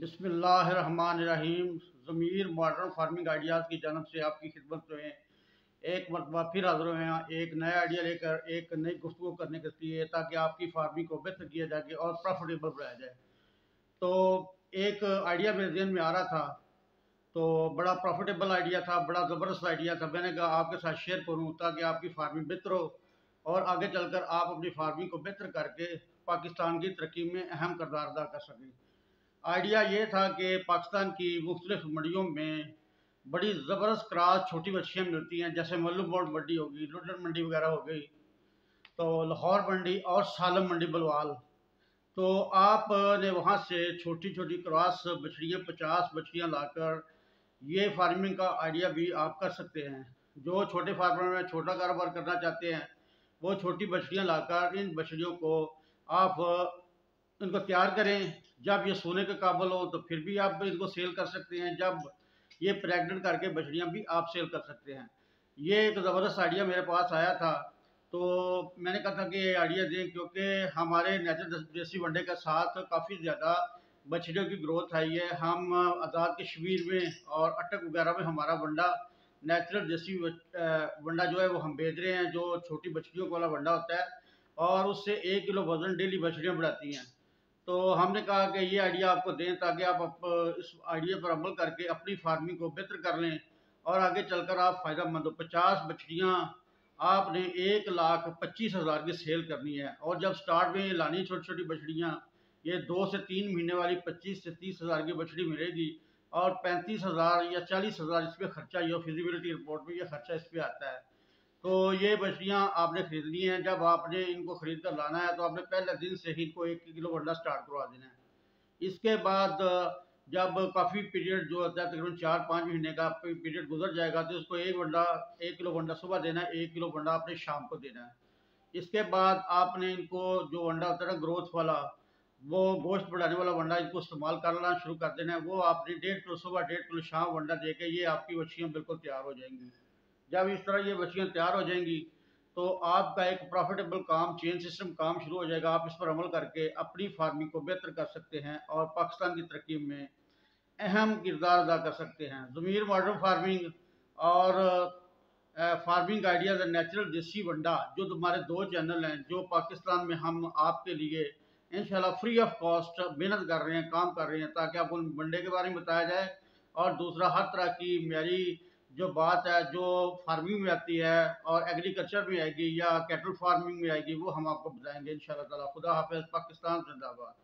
बिसमीम Zameer modern farming ideas की जानब से आपकी खिदमत में एक मरतबा फिर हाजिर हुए हैं एक नया आइडिया लेकर एक नई गुफ्तु करने के लिए ताकि आपकी फार्मिंग को बेहतर किया जाए और प्रॉफिटेबल बनाया जाए तो एक आइडिया मेरे जहन में आ रहा था तो बड़ा प्रॉफिटेबल आइडिया था बड़ा ज़बरदस्त आइडिया था मैंने कहा आपके साथ शेयर करूँ ताकि आपकी फार्मिंग बेहतर हो और आगे चलकर आप अपनी फार्मिंग को बेहतर करके पाकिस्तान की तरक्की में अहम करदार अदा कर सकें आइडिया ये था कि पाकिस्तान की मुख्तलिफ मंडियों में बड़ी ज़बरदस्त क्रास छोटी मछलियाँ मिलती हैं जैसे मल्लू बोर्ड मंडी होगी लुटन मंडी वगैरह हो गई तो लाहौर मंडी और सालम मंडी बलवाल तो आपने वहाँ से छोटी छोटी क्रास बछड़ियाँ पचास बछड़ियाँ लाकर ये फार्मिंग का आइडिया भी आप कर सकते हैं जो छोटे फार्मर में छोटा कारोबार करना चाहते हैं वो छोटी बछड़ियाँ लाकर इन बछड़ियों को आप इनको तैयार करें जब ये सोने के काबल हो तो फिर भी आप इनको सेल कर सकते हैं जब ये प्रेग्नेंट करके बछड़ियाँ भी आप सेल कर सकते हैं ये एक ज़बरदस्त आइडिया मेरे पास आया था तो मैंने कहा था कि ये आइडिया दें क्योंकि हमारे नेचुरल देसी वनडे के साथ काफ़ी ज़्यादा बछड़ियों की ग्रोथ आई है हम आज़ाद कश्मीर में और अटक वगैरह में हमारा वंडा नेचुरल देसी वंडा जो है वो हम बेच रहे हैं जो छोटी बछड़ियों वाला वंडा होता है और उससे एक किलो वज़न डेली बछड़ियाँ बढ़ाती हैं तो हमने कहा कि ये आइडिया आपको दें ताकि आप, इस आइडिया पर अमल करके अपनी फार्मिंग को बेहतर कर लें और आगे चलकर आप फ़ायदा मंद हो पचास बछड़ियाँ आपने एक लाख पच्चीस हज़ार की सेल करनी है और जब स्टार्ट में लानी छोटी छोटी बछड़ियाँ ये दो से तीन महीने वाली पच्चीस से तीस हज़ार की बछड़ी मिलेगी और पैंतीस हज़ार या चालीस हज़ार इस पर खर्चा ये फिजिबिलिटी रिपोर्ट में यह खर्चा इस पर आता है तो ये बछड़ियाँ आपने खरीदनी है जब आपने इनको खरीद कर लाना है तो आपने पहले दिन से ही इनको एक किलो अंडा स्टार्ट करवा देना है इसके बाद जब काफ़ी पीरियड जो होता है तकरीबन चार पाँच महीने का पीरियड गुजर जाएगा तो उसको एक बंडा एक किलो बंडा सुबह देना है एक किलो बंडा आपने शाम को देना है इसके बाद आपने इनको जो अंडा होता है ना ग्रोथ वाला वो गोश्त बढ़ाने वाला अंडा इनको इस्तेमाल करना शुरू कर देना है वो आपने डेढ़ किलो सुबह डेढ़ किलो शाम वंडा दे के ये आपकी मछियाँ बिल्कुल तैयार हो जाएंगी जब इस तरह ये बच्चियाँ तैयार हो जाएंगी तो आपका एक प्रॉफिटेबल काम चेन सिस्टम काम शुरू हो जाएगा आप इस पर अमल करके अपनी फार्मिंग को बेहतर कर सकते हैं और पाकिस्तान की तरक्की में अहम किरदार अदा कर सकते हैं ज़मीर मॉडर्न फार्मिंग और फार्मिंग आइडियाज़ एंड नेचुरल देसी वंडा जो तुम्हारे दो चैनल हैं जो पाकिस्तान में हम आपके लिए इन फ्री ऑफ कॉस्ट मेहनत कर रहे हैं काम कर रहे हैं ताकि आपको वंडे के बारे में बताया जाए और दूसरा हर तरह की मेरी जो बात है जो फार्मिंग में आती है और एग्रीकल्चर में आएगी या कैटल फार्मिंग में आएगी वो हम आपको बताएंगे इन शाला खुदा हाफ पाकिस्तान जिंदाबाद